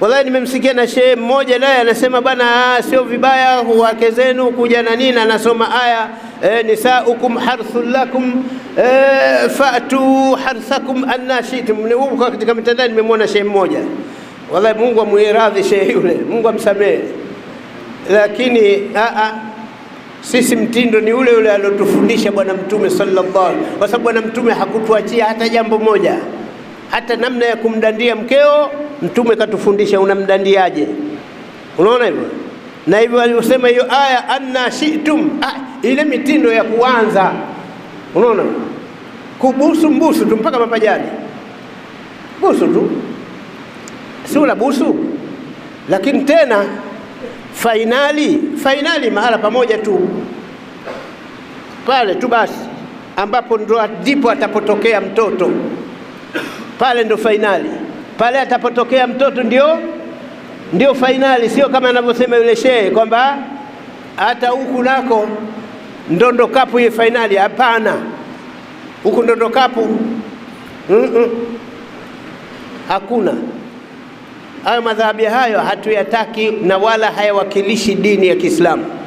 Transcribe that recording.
Wallahi, nimemsikia na shehe mmoja naye anasema bana, sio vibaya wake zenu kuja na nini, anasoma aya e, nisaukum harthul lakum e, fatu harthakum annashitum. Huko katika mitandao nimemwona shehe mmoja wallahi, Mungu amuiradhi shehe yule, Mungu amsamehe, lakini a -a, sisi mtindo ni ule ule aliotufundisha Bwana Mtume sallallahu alaihi wasallam, kwa sababu Bwana Mtume hakutuachia hata jambo moja, hata namna ya kumdandia mkeo Mtume katufundisha unamdandiaje? Unaona hivyo na hivyo alivyosema hiyo aya anna shitum, ah, ile mitindo ya kuanza, unaona kubusu mbusu tu mpaka mapajani, busu tu si busu, lakini tena fainali fainali mahala pamoja tu pale tu basi, ambapo ndo ndipo atapotokea mtoto pale, ndo fainali pale atapotokea mtoto ndio ndio fainali, sio kama anavyosema yule shehe kwamba hata huku nako ndondo kapu ye fainali. Hapana, huku ndondo kapu mm -mm. Hakuna hayo madhahabi hayo, hatuyataki na wala hayawakilishi dini ya Kiislamu.